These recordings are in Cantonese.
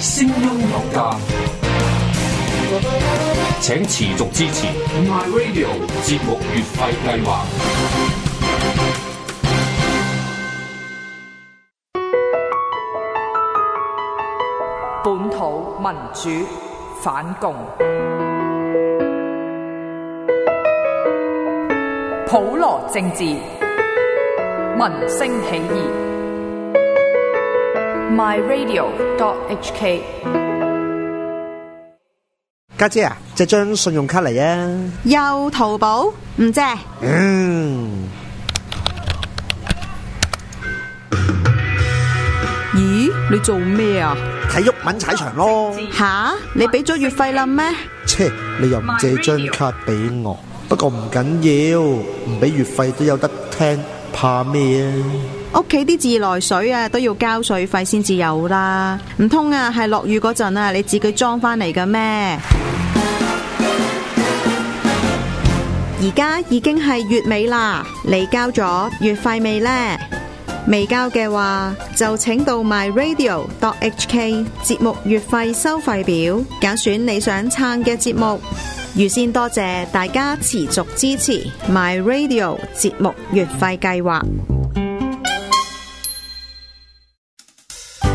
聲音有價，請持續支持 My Radio 節目月費計劃。本土民主反共，普羅政治，民聲起義。myradio.hk，家姐啊，借張信用卡嚟啊，又淘寶唔借？嗯，咦，你做咩啊？睇郁文踩場咯。吓，你俾咗月費啦咩？切，你又唔借張卡俾我。不過唔緊要，唔俾月費都有得聽，怕咩啊？屋企啲自來水啊，都要交水費先至有啦。唔通啊，係落雨嗰陣啊，你自己裝翻嚟嘅咩？而家已經係月尾啦，你交咗月費未呢？未交嘅話，就請到 myradio.hk 節目月費收費表，揀選你想撐嘅節目。預先多謝大家持續支持 myradio 節目月費計劃。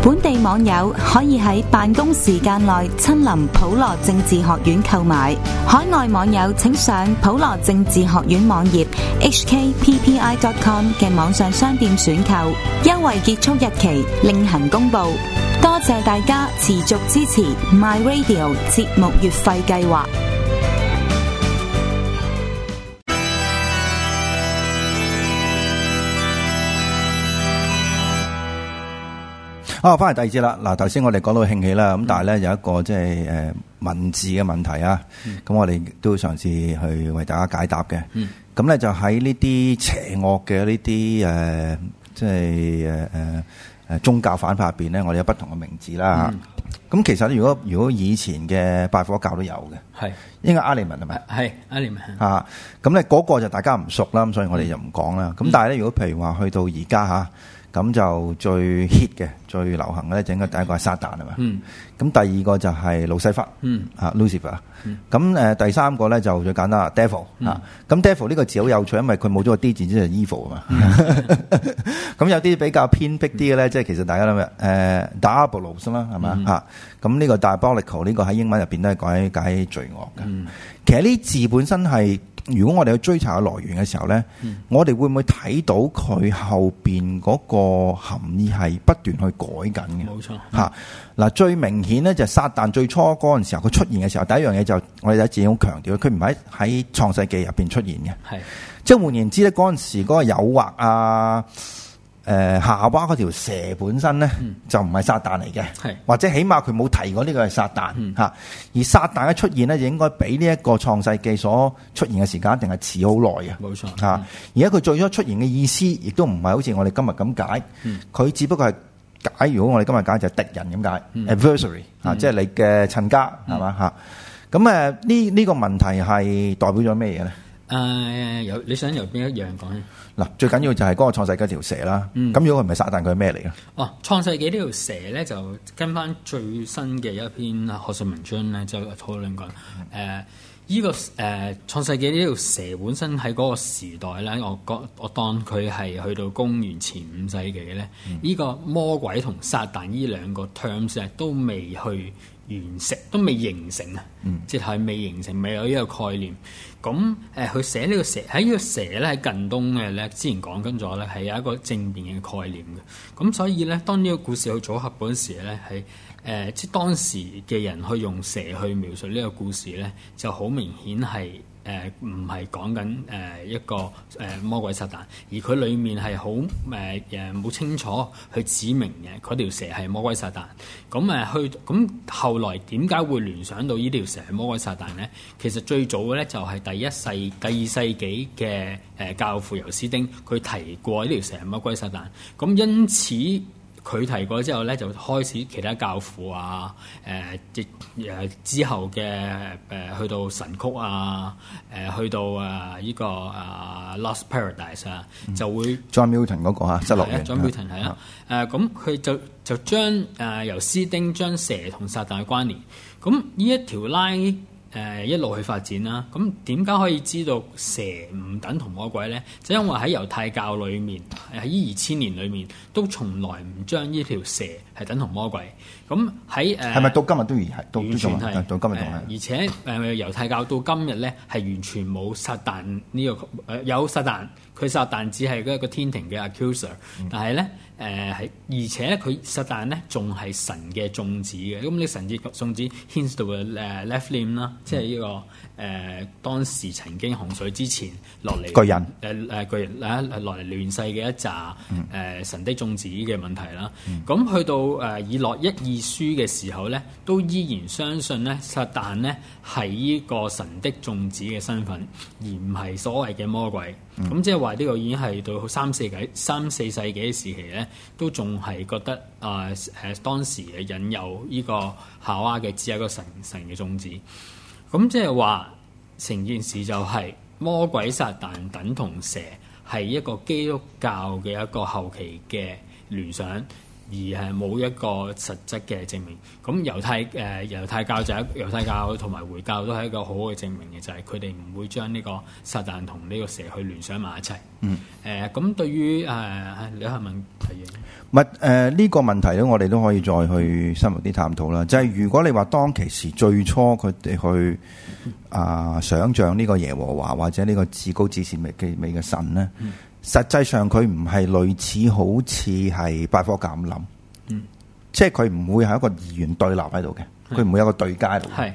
本地網友可以喺辦公時間內親臨普羅政治學院購買，海外網友請上普羅政治學院網頁 hkppi.com 嘅網上商店選購，優惠結束日期另行公佈。多謝大家持續支持 My Radio 節目月費計劃。我翻嚟第二節啦。嗱，頭先我哋講到興起啦，咁但係咧有一個即係誒文字嘅問題啊。咁我哋都嘗試去為大家解答嘅。咁咧就喺呢啲邪惡嘅呢啲誒，即係誒誒誒宗教反派入邊咧，我哋有不同嘅名字啦。咁其實咧，如果如果以前嘅拜火教都有嘅，係應該阿里文係咪？係阿里文啊。咁咧嗰個就大家唔熟啦，咁所以我哋就唔講啦。咁但係咧，如果譬如話去到而家嚇，咁就最 hit 嘅。最流行嘅咧，整個第一個係撒旦啊嘛，咁第二個就係路西法，啊 Lucifer，咁誒第三個咧就最簡單啊，devil 嚇，咁 devil 呢個字好有趣，因為佢冇咗個 d 字，即係 evil 啊嘛，咁有啲比較偏僻啲嘅咧，即係其實大家諗啊，誒 diabolous 啦，係咪？嚇，咁呢個 diabolical 呢個喺英文入邊都係解罪惡嘅。其實呢字本身係，如果我哋去追查個來源嘅時候咧，我哋會唔會睇到佢後邊嗰個含義係不斷去？改緊嘅，冇錯吓。嗱、嗯，最明顯咧就撒但，最初嗰陣時候，佢出現嘅時候，第一樣嘢，就是，我哋一直好強調，佢唔係喺創世紀入邊出現嘅，係。是 即係換言之咧，嗰陣時嗰個誘惑啊，誒、呃、夏娃嗰條蛇本身咧、嗯、就唔係撒但嚟嘅，係。是 或者起碼佢冇提過呢個係撒但吓。嗯、而撒但嘅出現咧，就應該比呢一個創世紀所出現嘅時間一定係遲好耐嘅，冇錯吓。嗯嗯、而家佢最初出現嘅意思，亦都唔係好似我哋今日咁解，佢只不過係。假，如果我哋今日揀就係敵人咁解，adversary 嚇，即係你嘅親家係嘛嚇？咁誒呢呢個問題係代表咗咩嘢咧？誒，由你想由邊一樣講咧？嗱，最緊要就係嗰個創世記條蛇啦。咁如果佢唔係撒旦，佢係咩嚟咧？哦，創世記呢條蛇咧，就跟翻最新嘅一篇學術文章咧，就討論講誒。呢、這個誒、呃、創世紀呢條蛇本身喺嗰個時代咧，我覺我，我當佢係去到公元前五世紀咧，呢、嗯、個魔鬼同撒旦呢兩個 terms 都未去。原石都未形成啊，嗯、即係未形成，未有呢個概念。咁誒，佢寫呢個蛇喺呢個蛇咧喺近東嘅咧，之前講緊咗咧係有一個正面嘅概念嘅。咁所以咧，當呢個故事去組合嗰陣時咧，係誒、呃、即當時嘅人去用蛇去描述呢個故事咧，就好明顯係。誒唔係講緊誒一個誒、呃、魔鬼撒旦，而佢裡面係好誒誒冇清楚去指明嘅，嗰條蛇係魔鬼撒旦。咁、嗯、誒、呃、去咁、嗯、後來點解會聯想到呢條蛇係魔鬼撒旦呢？其實最早嘅咧就係、是、第一世第二世紀嘅誒、呃、教父尤斯丁佢提過呢條蛇係魔鬼撒旦。咁、嗯、因此。佢提過之後咧，就開始其他教父啊，誒、呃，亦誒之後嘅誒、呃，去到神曲啊，誒、呃，去到誒呢個誒 Lost Paradise 啊、嗯，就會 John Milton 嗰、那個啊，失落園。John Milton 係、嗯、啊。誒，咁佢就就將誒、呃、由斯丁將蛇同撒旦嘅關聯，咁呢一條拉。誒、嗯、一路去發展啦，咁點解可以知道蛇唔等同魔鬼咧？就因為喺猶太教裏面，喺二千年裏面，都從來唔將呢條蛇係等同魔鬼。咁喺誒，係、呃、咪到今日都而係都到今日仲係？而且誒、呃、猶太教到今日咧，係完全冇撒但呢個誒、呃，有撒但，佢撒但只係嗰一個，那個天庭嘅 accuser，c、嗯、但係咧。誒係，而且佢撒但咧仲係神嘅種子嘅，咁呢神嘅種子牽涉到嘅誒列夫念啦， 即係呢、呢個誒、呃、當時曾經洪水之前落嚟嘅人，誒誒巨人，呃、巨啊落嚟亂世嘅一紮誒、呃、神的種子嘅問題啦。咁、嗯、去到誒、呃、以落一二書嘅時候咧，都依然相信咧撒但咧係依個神的種子嘅身份，而唔係所謂嘅魔鬼。咁、嗯、即係話呢個已經係到三四世三四世紀時期咧，都仲係覺得啊誒、呃、當時嘅引誘呢個夏娃嘅只係一個神神嘅宗旨。咁即係話成件事就係魔鬼撒旦，等同蛇，係一個基督教嘅一個後期嘅聯想。而係冇一個實質嘅證明。咁猶太誒猶、呃、太教就係猶太教同埋回教都係一個好嘅證明嘅，就係佢哋唔會將呢個撒旦同呢個蛇去聯想埋一齊。嗯、呃。誒，咁對於誒李學問提議，唔係誒呢個問題咧，呃這個、題我哋都可以再去深入啲探討啦。就係、是、如果你話當其時最初佢哋去啊、呃、想像呢個耶和華或者呢個至高至善美嘅神咧。嗯嗯實際上佢唔係類似好似係拜火教咁諗，嗯，即係佢唔會係一個二元對立喺度嘅，佢唔會有一個對家。係呢、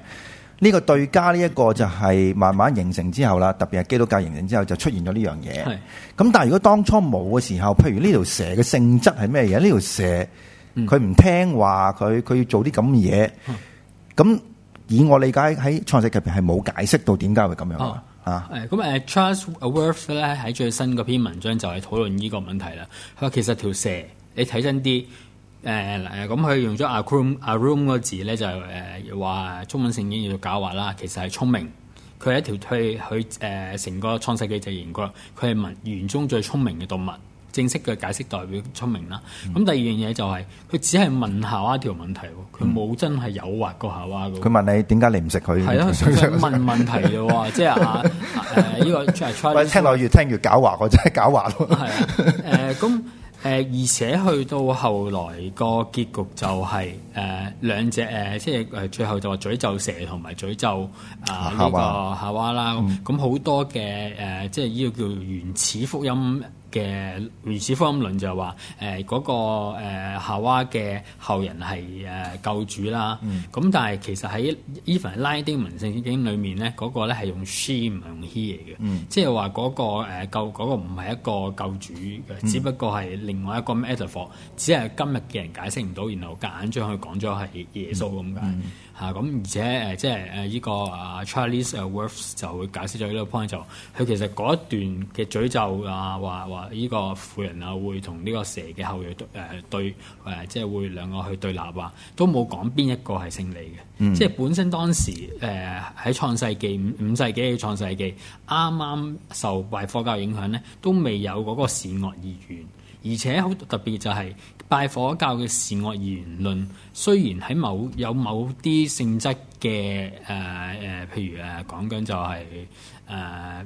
嗯、個對家呢一個就係慢慢形成之後啦，特別係基督教形成之後就出現咗呢樣嘢。係咁、嗯，但係如果當初冇嘅時候，譬如呢條蛇嘅性質係咩嘢？呢條蛇佢唔、嗯、聽話，佢佢要做啲咁嘅嘢。咁、嗯、以我理解喺創世紀邊係冇解釋到點解會咁樣。嗯啊！誒咁誒 ，Charlesworth 咧喺最新嗰篇文章就係討論呢個問題啦。佢話其實條蛇你睇真啲，誒誒咁佢用咗阿 room 阿 room、嗰個字咧就誒、是、話、呃、中文聖經叫做狡猾啦，其實係聰明。佢係一條推佢誒成個創世紀就研究，佢係文園中最聰明嘅動物。正式嘅解釋代表聰明啦。咁第二樣嘢就係佢只係問夏娃條問題，佢冇真係誘惑過夏娃。佢問你點解你唔食佢？係啊，問問題啫喎，即係嚇呢個 challenge。喂，聽落越聽越狡猾，我真係狡猾咯。係啊，誒咁誒，而且去到後來個結局就係誒兩隻誒，即係誒最後就話詛咒蛇同埋詛咒啊呢個夏娃啦。咁好多嘅誒，即係呢個叫原始福音。嘅原始福音論就係話，誒個誒夏娃嘅後人係誒救主啦。咁但係其實喺 Even 拉丁文聖經裏面咧，個咧係用 she 唔係用 he 嚟嘅。即係話個誒救，個唔係一個救主嘅，只不過係另外一個 metaphor，只係今日嘅人解釋唔到，然後夾硬將佢講咗係耶穌咁解嚇。咁而且誒即係誒呢個啊 Charlesworth 就會解釋咗呢個 point，就佢其實嗰一段嘅詛咒啊話話。呢個婦人啊，會同呢個蛇嘅後裔對誒對、呃、即係會兩個去對立啊，都冇講邊一個係勝利嘅。嗯、即係本身當時誒喺創世紀五五世紀嘅創世紀，啱啱受拜火教影響咧，都未有嗰個善惡二元，而且好特別就係、是、拜火教嘅善惡言論，雖然喺某有某啲性質嘅誒誒，譬如誒講緊就係、是、誒。呃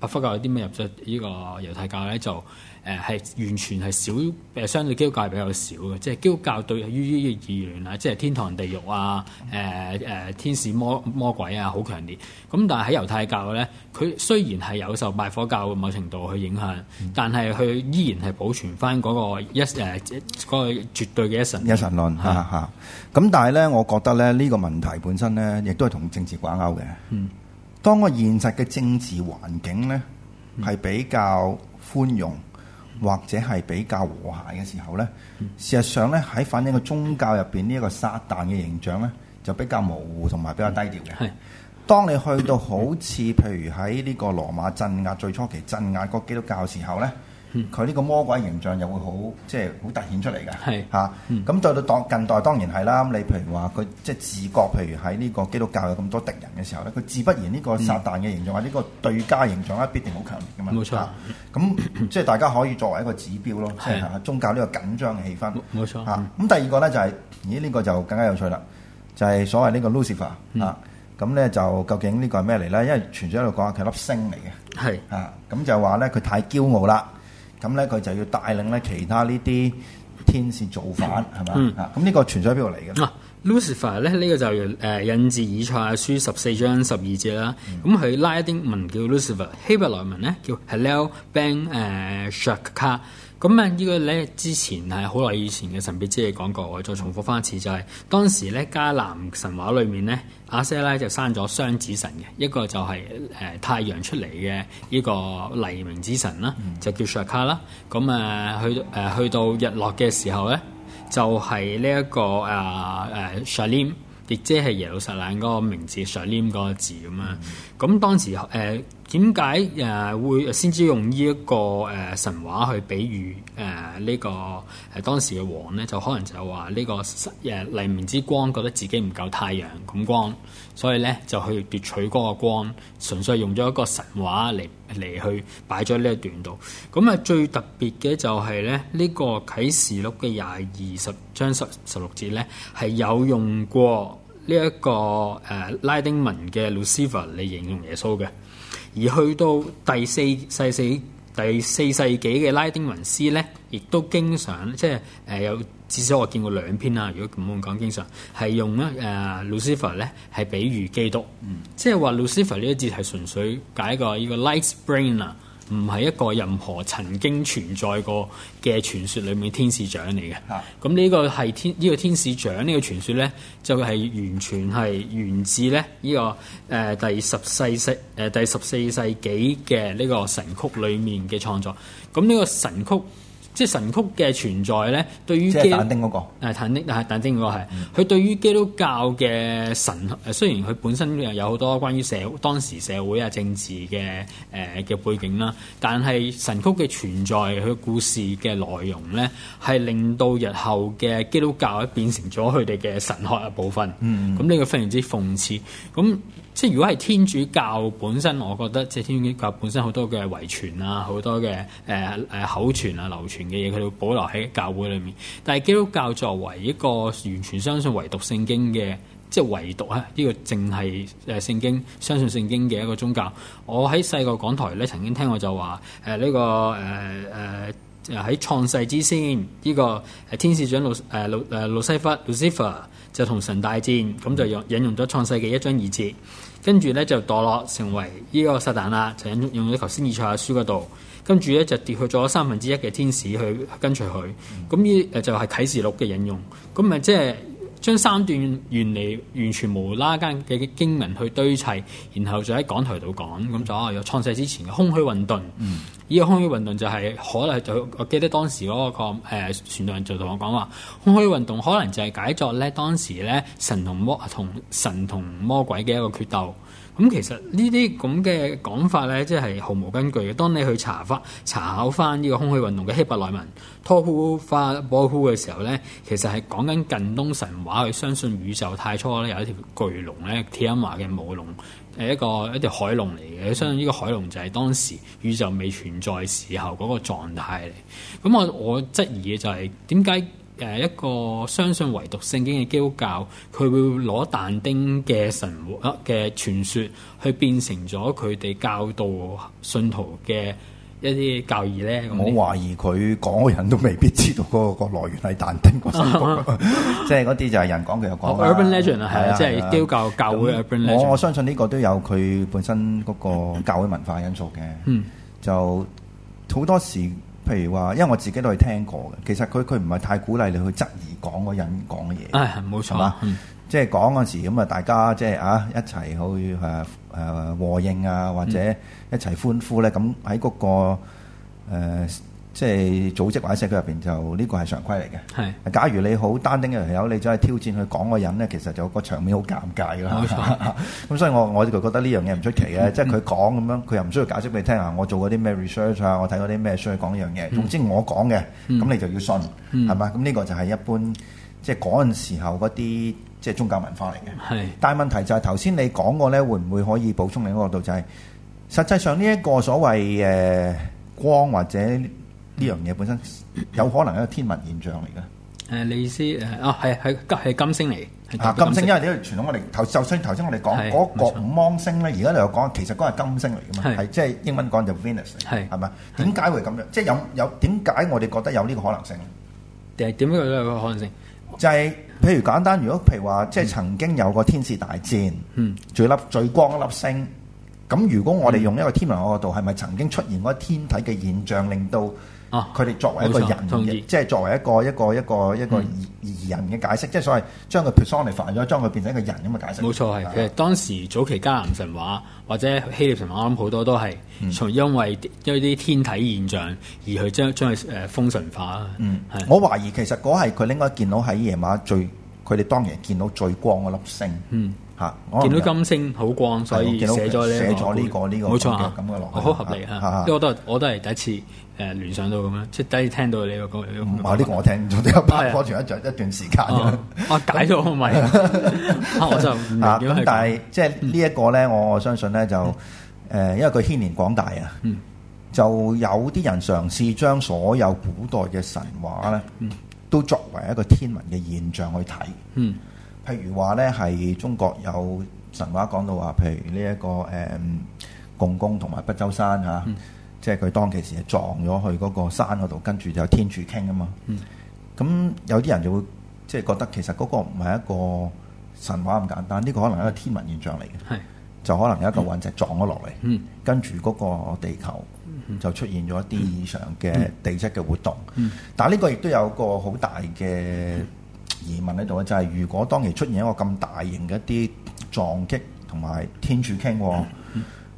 拜火教有啲咩入咗呢個猶太教咧？就誒係完全係少誒，相對基督教係比較少嘅，即係基督教對於呢啲意念啊，即係天堂地獄啊、誒、呃、誒天使魔魔鬼啊，好強烈。咁但係喺猶太教咧，佢雖然係有受拜火教嘅某程度去影響，嗯、但係佢依然係保存翻、那、嗰個一誒嗰個絕對嘅一神。一神論嚇嚇。咁是、啊啊、但係咧，我覺得咧呢個問題本身咧，亦都係同政治掛鈎嘅。嗯。當個現實嘅政治環境呢，係比較寬容或者係比較和諧嘅時候呢，事實上呢，喺反映個宗教入邊呢一個撒旦嘅形象呢，就比較模糊同埋比較低調嘅。當你去到好似譬如喺呢個羅馬鎮壓最初期鎮壓個基督教嘅時候呢。佢呢、嗯、個魔鬼形象又會好即係好凸顯出嚟嘅，嚇。咁、嗯啊、到到當近代當然係啦。咁你譬如話佢即係自覺，譬如喺呢個基督教有咁多敵人嘅時候咧，佢自不然呢個撒旦嘅形象啊，呢、嗯、個對家形象一定好強烈嘅嘛。冇錯。咁即係大家可以作為一個指標咯，即係宗教呢個緊張嘅氣氛。冇錯。嚇、嗯。咁、啊、第二個咧就係、是，咦呢、這個就更加有趣啦，就係、是、所謂呢個 Lucifer 啊。咁、嗯、咧、嗯嗯、就究竟個呢個係咩嚟咧？因為傳説喺度講佢係粒星嚟嘅。係是。啊。咁、嗯嗯、就話咧，佢太驕傲啦。咁咧，佢就要帶領咧其他呢啲天使造反係嘛、嗯？啊！咁、啊、呢個傳喺邊度嚟嘅？啊，Lucifer 咧呢個就係誒引自以賽亞書十四章十二節啦。咁佢、嗯嗯、拉丁文叫 Lucifer， 希伯來文咧叫 Hallel Ben 誒、uh, Shakka。咁啊，個呢個咧之前係好耐以前嘅神秘之嘢講過，我再重複翻一次、就是，就係當時咧迦南神話裏面咧，阿瑟拉就生咗雙子神嘅，一個就係、是、誒、呃、太陽出嚟嘅呢個黎明之神啦，嗯、就叫 Shark 啦、啊。咁啊去誒、呃、去到日落嘅時候咧，就係呢一個誒誒、啊啊、Shalim，亦即係耶路撒冷嗰個名字 Shalim 嗰個字咁樣。咁、嗯、當時誒。呃點解誒會先至用呢一個誒神話去比喻誒呢、呃這個誒當時嘅王咧？就可能就話呢個誒黎明之光覺得自己唔夠太陽咁光，所以咧就去奪取嗰個光，純粹係用咗一個神話嚟嚟去擺咗呢一段度。咁啊，最特別嘅就係咧呢、這個啟示錄嘅廿二十章十十六節咧，係有用過呢、這、一個誒拉丁文嘅 Lucifer 嚟形容耶穌嘅。而去到第四世世第四世紀嘅拉丁文詩咧，亦都經常即係誒有至少我見過兩篇啦。如果咁樣講經常係用啦誒、呃、，Lucifer 咧係比喻基督，嗯、即係話 Lucifer 呢一字係純粹解一個呢、這個 light bring 啊。唔係一個任何曾經存在過嘅傳說裏面天使長嚟嘅，咁呢的個係天呢、呢個天使長呢個傳說呢，就係、係、完全係源自咧、這、呢個誒、呃、第十四世誒、呃、第十四世紀嘅呢個神曲裏面嘅創作，咁呢個神曲。即係神曲嘅存在咧，對於基督即係但丁嗰、嗰個。誒，但丁但係但丁嗰、嗰個係佢、嗯、對於基督教嘅神誒，雖然佢本身有好多關於社當時社會啊、政治嘅誒嘅背景啦，但係神曲嘅存在，佢故事嘅內容咧，係令到日後嘅基督教變成咗佢哋嘅神學一部分。嗯，嗯，咁呢個非常之諷刺。咁即係如果係天主教本身，我覺得即係天主教本身好多嘅遺傳啊，好多嘅誒誒口傳啊、流傳嘅嘢，佢都保留喺教會裏面。但係基督教作為一個完全相信唯獨聖經嘅，即係唯獨啊呢個淨係誒聖經相信聖經嘅一個宗教。我喺細個，港台咧曾經聽過就話誒呢個誒誒喺創世之先，呢個誒天使長路誒路路西弗路西弗就同神大戰，咁就引用咗創世嘅一章二節。跟住咧就墮落成為呢個撒旦啦，就引用咗頭先《以賽亞書》嗰度，跟住咧就跌去咗三分之一嘅天使去跟隨佢，咁呢就係啟示錄嘅引用，咁咪即係將三段原嚟完全無啦間嘅經文去堆砌，然後就喺港台度講，咁就話有創世之前嘅空虛混沌。嗯。呢個空虛運動就係可能就我記得當時嗰、那個誒、呃、船長就同我講話，空虛運動可能就係解作咧當時咧神同魔同神同魔鬼嘅一個決鬥。咁其實呢啲咁嘅講法咧，即係毫無根據嘅。當你去查翻查考翻呢個空氣運動嘅希伯來文托呼法波呼嘅時候咧，其實係講緊近東神話，佢相信宇宙太初咧有一條巨龍咧，Tiamat 嘅母龍，係一個一條海龍嚟嘅。佢相信呢個海龍就係當時宇宙未存在時候嗰個狀態嚟。咁我我質疑嘅就係點解？誒一個相信唯獨聖經嘅基督教，佢會攞但丁嘅神曲嘅、呃、傳說，去變成咗佢哋教導信徒嘅一啲教義咧。我懷疑佢講嘅人都未必知道嗰個個來源係但丁個神曲， 即係嗰啲就係小法人講嘅又講啦。Urban、oh, legend 啊，係啊，啊即係基督教教會 urban legend 我。我相信呢個都有佢本身嗰個教會文化因素嘅。嗯，就好多時。譬如話，因為我自己都係聽過嘅，其實佢佢唔係太鼓勵你去質疑講嗰人講嘅嘢。係、哎，冇錯。吧嗯、即係講嗰時咁啊，大家即係啊一齊去誒誒和應啊，或者一齊歡呼咧。咁喺嗰個、呃即係組織或者社區入邊，就、這、呢個係常規嚟嘅。係是，假如你好單丁嘅朋友，你再挑戰去講個人咧，其實就個場面好尷尬㗎啦。咁 所以我我就覺得呢樣嘢唔出奇嘅， 即係佢講咁樣，佢又唔需要解釋俾你聽啊。我做嗰啲咩 research 啊，我睇嗰啲咩需要講呢樣嘢。嗯、總之我講嘅，咁、嗯、你就要信，係嘛、嗯？咁呢個就係一般即係嗰陣時候嗰啲即係宗教文化嚟嘅。係是，但係問題就係頭先你講過咧，會唔會可以補充另一個度？就係、是、實際上呢一個所謂誒、呃呃呃呃、光或者。呢樣嘢本身有可能係一個天文現象嚟嘅。誒，你意思誒？啊，係係金係金星嚟。啊，金星，因為呢個傳統我哋頭，就算頭先我哋講嗰個五芒星咧，而家你又講，其實嗰個係金星嚟嘅嘛，係即係英文講就 Venus，係係咪？點解會咁樣？即係有有點解我哋覺得有呢個可能性？定係點樣有呢個可能性？就係譬如簡單，如果譬如話，即係曾經有個天使大戰，嗯，最粒最光一粒星，咁如果我哋用一個天文角度，係咪曾經出現過天體嘅現象，令到？啊！佢哋作為一個人嘅，同意即係作為一個一個一個一個疑疑人嘅解釋，嗯、即係所謂將佢 Personify 咗，將佢變成一個人咁嘅解釋。冇錯係，的其實當時早期迦南神話或者希臘神話，啱好多都係從因為因為啲天體現象而去將、嗯、將佢誒封神化啊。嗯，的我懷疑其實嗰係佢應該見到喺夜晚最。佢哋當然見到最光嗰粒星，嗯嚇，見到金星好光，所以寫咗呢寫咗呢個呢個冇錯咁嘅咯。好合理嚇。因為我都我都係第一次誒聯想到咁樣，即係第一次聽到你個歌，啊呢個我聽咗，聽咗一段時間我解咗咪，我就但係即係呢一個咧，我相信咧就誒，因為佢牽連廣大啊，就有啲人嘗試將所有古代嘅神話咧，都作為一個天文嘅現象去睇，嗯，譬如話呢，係中國有神話講到話，譬如呢、這、一個誒、嗯，共工同埋不周山嚇、啊，嗯、即係佢當其時撞咗去嗰個山嗰度，跟住就天柱傾啊嘛，咁、嗯、有啲人就會即係覺得其實嗰個唔係一個神話咁簡單，呢、這個可能係一個天文現象嚟嘅。就可能有一個隕石撞咗落嚟，嗯、跟住嗰個地球就出現咗一啲異常嘅地質嘅活動。嗯嗯、但係呢個亦都有個好大嘅疑問喺度啊！就係、是、如果當其出現一個咁大型嘅一啲撞擊同埋天柱傾、哦，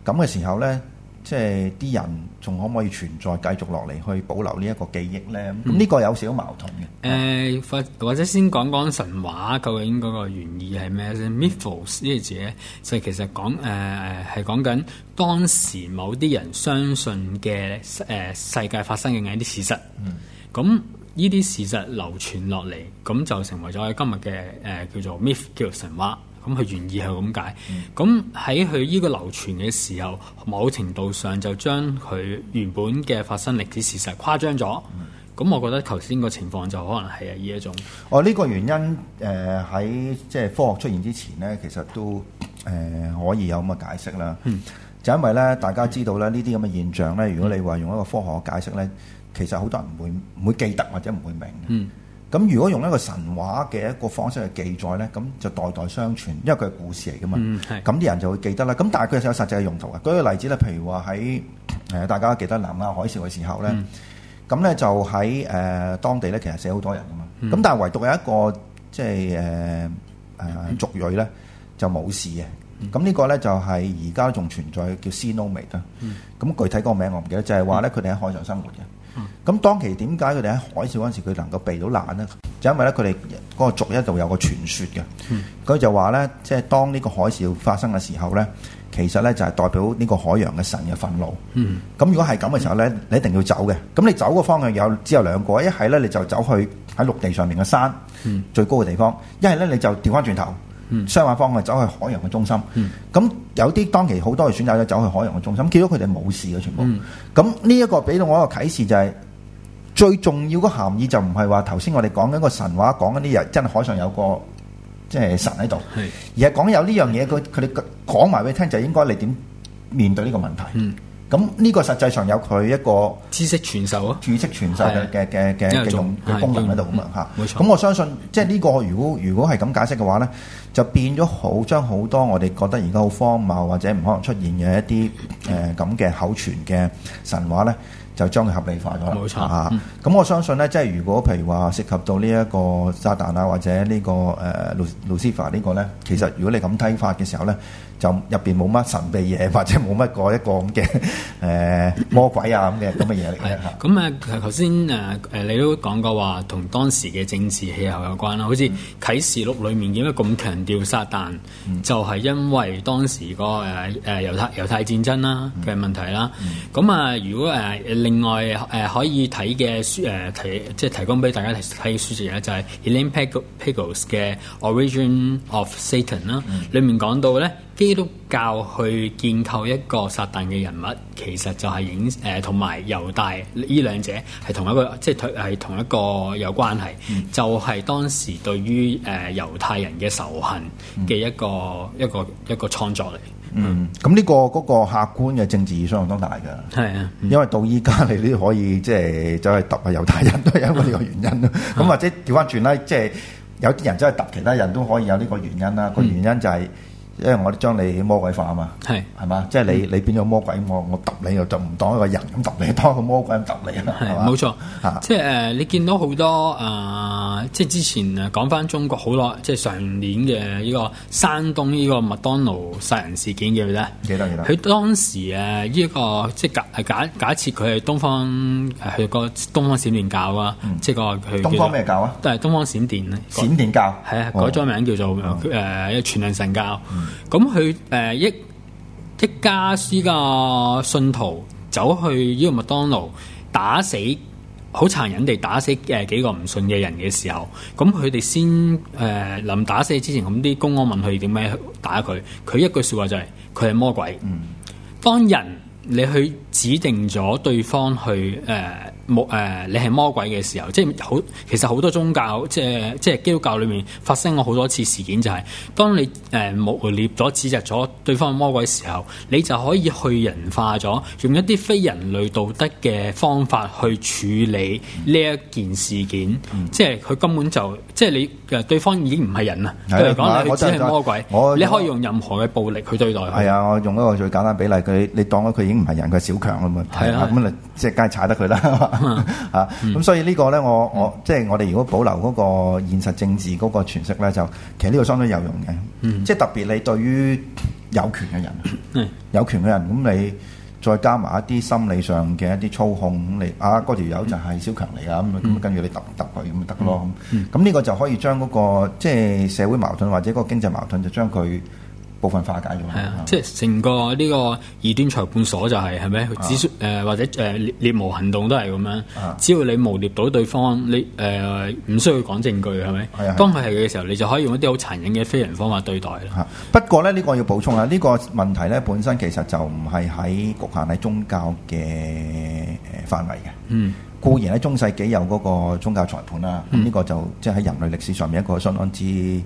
咁嘅、嗯嗯、時候咧。即係啲人仲可唔可以存在，繼續落嚟去保留呢一個記憶咧？咁呢個有少少矛盾嘅。誒或、呃、或者先講講神話究竟嗰個原意係咩先？Mythos 呢個字即係其實講誒係講緊當時某啲人相信嘅誒、呃、世界發生嘅一啲事實。嗯。咁呢啲事實流傳落嚟，咁就成為咗今日嘅誒叫做 myth 叫做神話。咁佢原意係咁解，咁喺佢呢個流傳嘅時候，某程度上就將佢原本嘅發生歷史事實誇張咗。咁我覺得頭先個情況就可能係啊呢一種。哦，呢、這個原因誒喺即係科學出現之前呢，其實都誒、呃、可以有咁嘅解釋啦。嗯、就因為咧，大家知道咧呢啲咁嘅現象咧，如果你話用一個科學嘅解釋咧，其實好多人唔會唔會記得或者唔會明嘅。嗯咁如果用一個神話嘅一個方式去記載呢，咁就代代相傳，因為佢係故事嚟噶嘛。咁啲、嗯、人就會記得啦。咁但係佢有實際嘅用途呀。舉、個例子咧，譬如話喺誒大家都記得南亞海嘯嘅時候呢，咁呢、嗯、就喺誒、呃、當地呢，其實死好多人噶嘛。咁、嗯、但係唯獨有一個即係誒誒族裔咧就冇事嘅。咁呢、嗯、個呢，就係而家仲存在叫 Sea Nomad。咁、嗯、具體個名我唔記得，就係話呢，佢哋喺海上生活嘅。咁、嗯、當其點解佢哋喺海嘯嗰陣時佢能夠避到難呢？就因為咧佢哋嗰個族一度有一個傳説嘅，佢、嗯、就話呢，即係當呢個海嘯發生嘅時候呢，其實呢就係代表呢個海洋嘅神嘅憤怒。咁、嗯、如果係咁嘅時候呢，你一定要走嘅。咁你走嘅方向有只有兩個，一係呢你就走去喺陸地上面嘅山、嗯、最高嘅地方，一係呢你就調翻轉頭。商販方係走去海洋嘅中心，咁、嗯、有啲當期好多嘅選擇咗走去海洋嘅中心，見到佢哋冇事嘅全部。咁呢一個俾到我一個啟示就係、是、最重要嘅含義就唔係話頭先我哋講緊個神話講緊啲人真係海上有個即係神喺度，是而係講有呢樣嘢佢佢哋講埋俾你聽就應該你點面對呢個問題。嗯嗯咁呢個實際上有佢一個知識傳授、注釋傳授嘅嘅嘅嘅功能喺度啊嘛嚇，咁我相信即係呢個如果如果係咁解釋嘅話咧，就變咗好將好多我哋覺得而家好荒謬或者唔可能出現嘅一啲誒咁嘅口傳嘅神話咧。就將佢合理化咗冇錯吓，咁我相信咧，即係如果譬如話涉及到呢一個撒旦啊，或者呢個誒路路西法呢個咧，其實如果你咁睇法嘅時候咧，就入邊冇乜神秘嘢，或者冇乜過一個咁嘅誒魔鬼啊咁嘅咁嘅嘢嚟咁啊，頭先誒誒你都講過話，同當時嘅政治氣候有關啦，好似啟示錄裡面點解咁強調撒旦，就係因為當時個誒誒猶太猶太戰爭啦嘅問題啦。咁啊，如果誒另外誒可以睇嘅誒提即係提供俾大家睇嘅書籍咧，就係 Helene Pagels 嘅 Origin of Satan 啦。裏面講到咧，基督教去建構一個撒旦嘅人物，其實就係影誒同埋猶大呢兩者係同一個，即係係同一個有關係，嗯、就係當時對於誒猶太人嘅仇恨嘅一個、嗯、一個一個創作嚟。嗯，咁呢、這個嗰、那個、客觀嘅政治意義相當大㗎。係啊，嗯、因為到依家你都可以即係走去揼下猶太人都係因為呢個原因。咁、啊啊、或者調翻轉啦，即係、就是、有啲人真係揼其他人都可以有呢個原因啦。個原因就係、是。嗯因為我哋將你魔鬼化啊嘛，係係嘛，即係你你變咗魔鬼，我我揼你又就唔當一個人咁揼你，當個魔鬼咁揼你啦，係冇錯。啊、即係誒，你見到好多誒、呃，即係之前誒講翻中國好耐，即係上年嘅呢個山東呢個麥當勞殺人事件嘅咧，記得記得。佢當時誒、這、呢個即係假假假設佢係東方誒佢個東方閃電教啊，嗯、即係個佢東方咩教啊？都係東方閃電咧，閃電教係啊，改咗名叫做誒、呃、全能神教。嗯嗯咁佢誒一一家私嘅信徒走去呢個麥當勞打死，好殘忍地打死誒、呃、幾個唔信嘅人嘅時候，咁佢哋先誒臨、呃、打死之前，咁啲公安問佢點解打佢，佢一句説話就係佢係魔鬼。嗯、當人你去指定咗對方去誒。呃魔誒、啊，你係魔鬼嘅時候，即係好其實好多宗教，即係即係基督教裏面發生過好多次事件，就係當你誒抹裂咗、指責咗對方魔鬼嘅時候，你就可以去人化咗，用一啲非人類道德嘅方法去處理呢一件事件。即係佢根本就即係你誒，對方已經唔係人啦。對嚟講，你只係魔鬼，你可以用任何嘅暴力去對待。係啊，aquí, 我, yeah, 我用一個最簡單比例，佢你當咗佢已經唔係人，佢係小強啊嘛。係啊，咁啊，即係梗係踩得佢啦。 啊，咁、嗯、所以個呢個咧，我我即係、就是、我哋如果保留嗰個現實政治嗰個詮釋咧，就其實呢個相當有用嘅，嗯、即係特別你對於有權嘅人，嗯、有權嘅人，咁你再加埋一啲心理上嘅一啲操控，咁你啊，嗰條友就係小強嚟啊，咁咁跟住你揼唔揼佢咁咪得咯，咁呢、嗯嗯、個就可以將嗰、那個即係、就是、社會矛盾或者個經濟矛盾就將佢。部分化解嘅係啊，嗯、即係成個呢個異端裁判所就係係咪？啊、只需誒、呃、或者誒獵、呃、獵巫行動都係咁樣，啊、只要你無獵到對方，你誒唔、呃、需要講證據係咪？哎、呀當佢係嘅時候，你就可以用一啲好殘忍嘅非人方法對待啦、啊。不過咧，呢、呢個要補充啊，呢、呢個問題咧本身其實就唔係喺局限喺宗教嘅範圍嘅。嗯，嗯固然喺中世紀有嗰個宗教裁判啦，呢個就即係喺人類歷史上面一個相當之。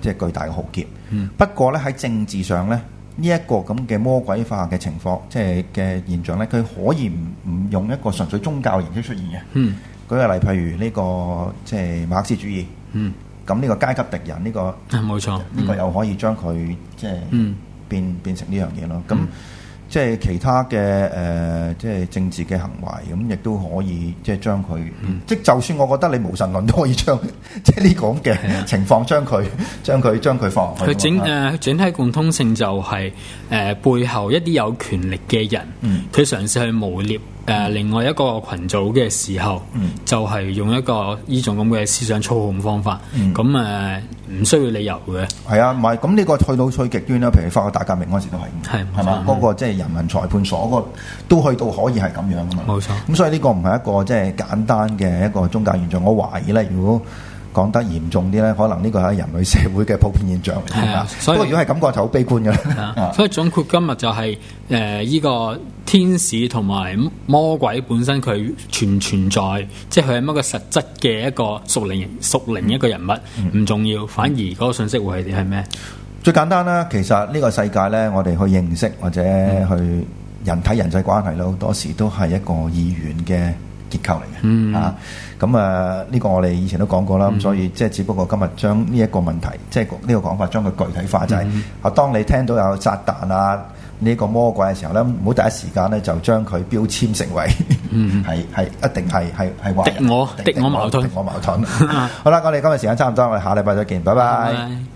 即係巨大嘅浩劫。嗯、不過咧喺政治上咧，呢、這、一個咁嘅魔鬼化嘅情況，即係嘅現象咧，佢可以唔唔用一個純粹宗教形式出現嘅。嗯，舉個例，譬如呢、這個即係、就是、馬克思主義。嗯，咁呢個階級敵人呢、這個，冇錯，呢、嗯、個又可以將佢即係變變成呢樣嘢咯。咁。嗯嗯即係其他嘅誒，即、呃、係政治嘅行為，咁亦都可以即係將佢，即、嗯、就算我覺得你無神論都可以將，即係呢個嘅情況、嗯、將佢將佢將佢放落去。佢整誒是整體共通性就係、是、誒、呃、背後一啲有權力嘅人，佢、嗯、嘗試去污蔑。誒，另外一個群組嘅時候，嗯、就係用一個呢種咁嘅思想操控方法，咁誒唔需要理由嘅。係啊，唔係咁呢個去到最極端啦。譬如法國大革命嗰時都係，係嘛？嗰個即係人民裁判所嗰、嗰個都去到可以係咁樣噶嘛。冇錯。咁所以呢個唔係一個即係簡單嘅一個宗教現象。我懷疑咧，如果講得嚴重啲咧，可能呢個係人類社會嘅普遍現象嚟、啊、所以如果係感覺就好悲觀嘅、啊、所以總括今日就係誒呢個。呃呃天使同埋魔鬼本身佢存唔存在，即係佢係乜嘅實質嘅一個屬靈屬靈一個人物，唔重要。反而嗰個信息會係啲係咩？最簡單啦，其實呢個世界咧，我哋去認識或者去人睇人際關係咧，好多時都係一個意願嘅結構嚟嘅。嗯，吓咁啊，呢個我哋以前都講過啦，咁、嗯、所以即係只不過今日將呢一個問題，即係呢個講法，將佢具體化，就係啊，當你聽到有炸彈啊。呢個魔鬼嘅時候咧，唔好第一時間咧就將佢標籤成為係係、嗯、一定係係係話敵我敵我矛盾，敵我矛盾。好啦，我哋今日時間差唔多，我哋下禮拜再見，拜拜。拜拜。